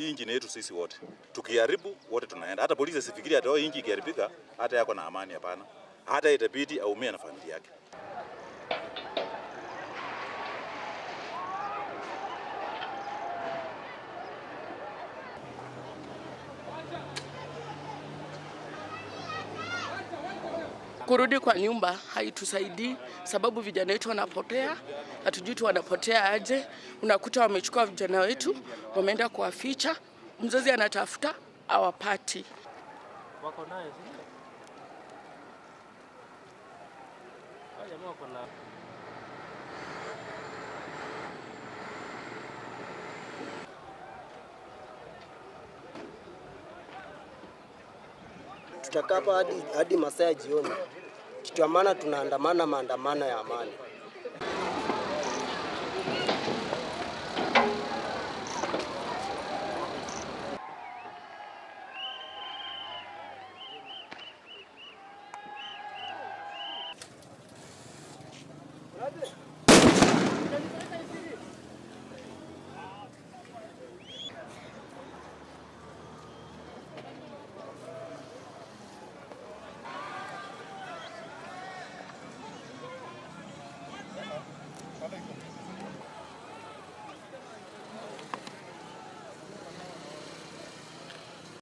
hii nchi yetu sisi wote. Tukiharibu wote tunaenda. Hata polisi asifikiri hata oh, hii nchi ikiharibika hata yako na amani, hapana. Hata itabidi aumie na familia yake. kurudi kwa nyumba haitusaidii, sababu vijana wetu wanapotea, hatujui tu wanapotea aje. Unakuta wamechukua vijana wetu wameenda kuwaficha, mzazi anatafuta awapati. Wako tutakaa hapa hadi, hadi masaa ya jioni. Kitu maana tunaandamana maandamano ya amani.